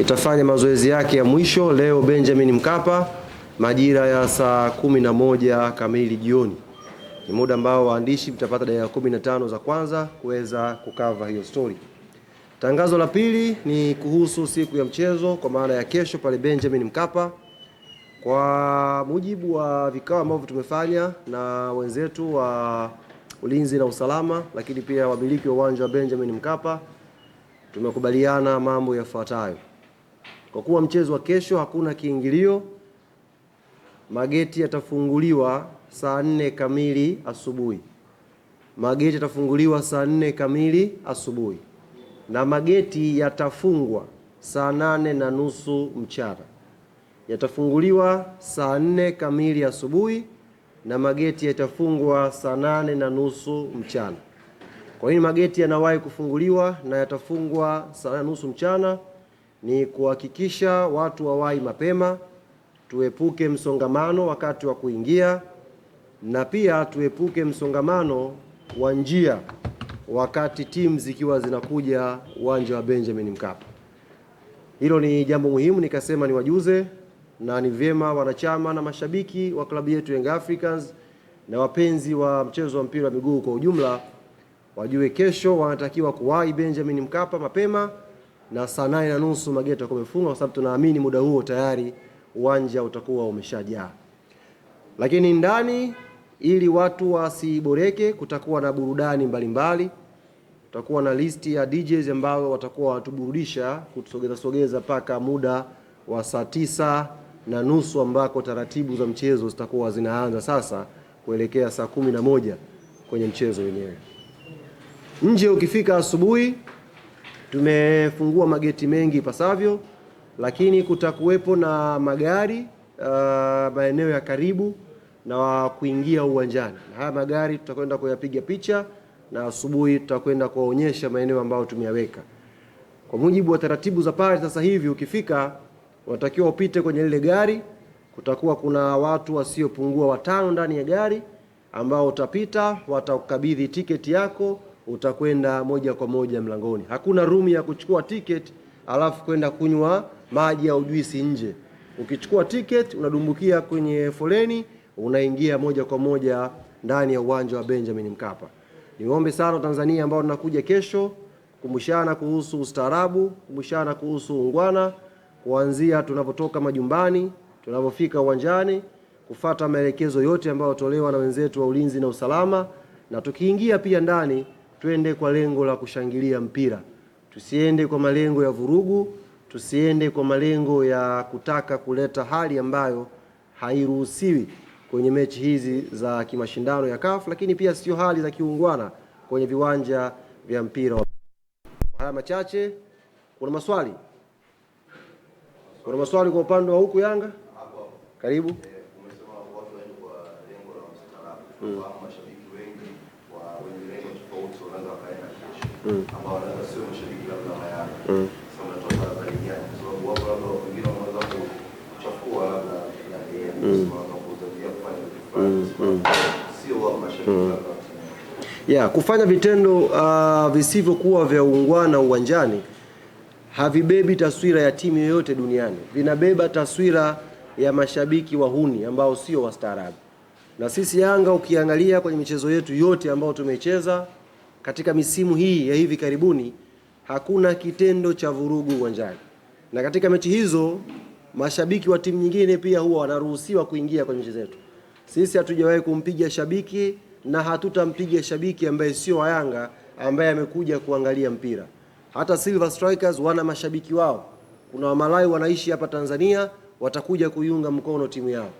itafanya mazoezi yake ya mwisho leo Benjamin Mkapa majira ya saa kumi na moja kamili jioni. Ni muda ambao waandishi mtapata dakika kumi na tano za kwanza kuweza kukava hiyo story. Tangazo la pili ni kuhusu siku ya mchezo kwa maana ya kesho pale Benjamin Mkapa. Kwa mujibu wa vikao ambavyo tumefanya na wenzetu wa ulinzi na usalama, lakini pia wamiliki wa uwanja wa Benjamin Mkapa, tumekubaliana mambo yafuatayo. Kwa kuwa mchezo wa kesho hakuna kiingilio, mageti yatafunguliwa saa nne kamili asubuhi. Mageti yatafunguliwa saa nne kamili asubuhi na mageti yatafungwa saa nane na nusu mchana. Yatafunguliwa saa nne kamili asubuhi na mageti yatafungwa saa nane na nusu mchana. Kwa hiyo mageti yanawahi kufunguliwa na yatafungwa saa nane na nusu mchana ni kuhakikisha watu wawai mapema, tuepuke msongamano wakati wa kuingia, na pia tuepuke msongamano wa njia wakati timu zikiwa zinakuja uwanja wa Benjamin Mkapa. Hilo ni jambo muhimu, nikasema niwajuze, na ni vyema wanachama na mashabiki wa klabu yetu Young Africans na wapenzi wa mchezo wa mpira wa miguu kwa ujumla wajue kesho wanatakiwa kuwahi Benjamin Mkapa mapema na saa nane na nusu mageti yatakuwa yamefungwa kwa sababu tunaamini muda huo tayari uwanja utakuwa umeshajaa. Lakini ndani, ili watu wasiboreke, kutakuwa na burudani mbalimbali. Tutakuwa na listi ya DJs ambao watakuwa watuburudisha kutusogeza sogeza mpaka muda wa saa tisa na nusu ambako taratibu za mchezo zitakuwa zinaanza sasa kuelekea saa kumi na moja kwenye mchezo wenyewe. Nje ukifika asubuhi Tumefungua mageti mengi ipasavyo, lakini kutakuwepo na magari uh, maeneo ya karibu na kuingia uwanjani. Haya magari tutakwenda kuyapiga picha na asubuhi tutakwenda kuwaonyesha maeneo ambayo tumeyaweka. Kwa mujibu wa taratibu za pale, sasa hivi ukifika unatakiwa upite kwenye lile gari. Kutakuwa kuna watu wasiopungua watano ndani ya gari ambao utapita, watakukabidhi tiketi yako utakwenda moja kwa moja mlangoni. Hakuna room ya kuchukua tiketi alafu kwenda kunywa maji au juisi nje. Ukichukua tiketi unadumbukia kwenye foleni, unaingia moja kwa moja ndani ya uwanja wa Benjamin Mkapa. Niombe sana Tanzania ambao tunakuja kesho, kumshana kuhusu ustaarabu, kumshana kuhusu ungwana, kuanzia tunapotoka majumbani, tunapofika uwanjani, kufata maelekezo yote ambayo tolewa na wenzetu wa ulinzi na usalama, na tukiingia pia ndani Twende kwa lengo la kushangilia mpira, tusiende kwa malengo ya vurugu, tusiende kwa malengo ya kutaka kuleta hali ambayo hairuhusiwi kwenye mechi hizi za kimashindano ya CAF, lakini pia sio hali za kiungwana kwenye viwanja vya mpira. Kwa haya machache, kuna maswali, kuna maswali kwa upande wa huku Yanga. Karibu. Eh, tofauti wanaweza wakaenda kesho, ambao wanaweza sio mashabiki labda wa Yanga, ya kufanya vitendo uh, visivyokuwa vya uungwana uwanjani havibebi taswira ya timu yoyote duniani, vinabeba taswira ya mashabiki wahuni ambao sio wastaarabu. Na sisi Yanga ukiangalia kwenye michezo yetu yote ambayo tumecheza katika misimu hii ya hivi karibuni, hakuna kitendo cha vurugu uwanjani, na katika mechi hizo mashabiki wa timu nyingine pia huwa wanaruhusiwa kuingia kwenye mechi zetu Sisi hatujawahi kumpiga shabiki na hatutampiga shabiki ambaye sio wa Yanga ambaye amekuja kuangalia mpira. Hata Silver Strikers wana mashabiki wao, kuna Wamalai wanaishi hapa Tanzania, watakuja kuiunga mkono timu yao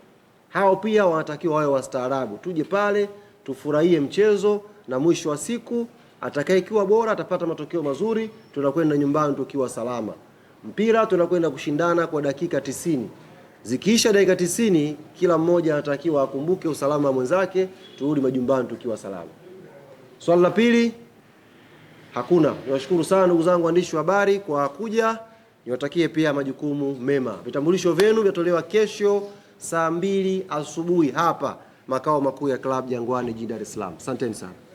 hao pia wanatakiwa wawe wastaarabu. Tuje pale tufurahie mchezo, na mwisho wa siku atakayekiwa bora atapata matokeo mazuri, tunakwenda nyumbani tukiwa salama. Mpira tunakwenda kushindana kwa dakika tisini. Zikiisha dakika tisini, kila mmoja anatakiwa akumbuke usalama wa mwenzake, turudi majumbani tukiwa salama. Swali la pili hakuna. Niwashukuru sana ndugu zangu waandishi wa habari kwa kuja, niwatakie pia majukumu mema. Vitambulisho vyenu vyatolewa kesho saa mbili asubuhi hapa makao makuu ya klabu Jangwani jijini Dar es Salaam. Asanteni sana.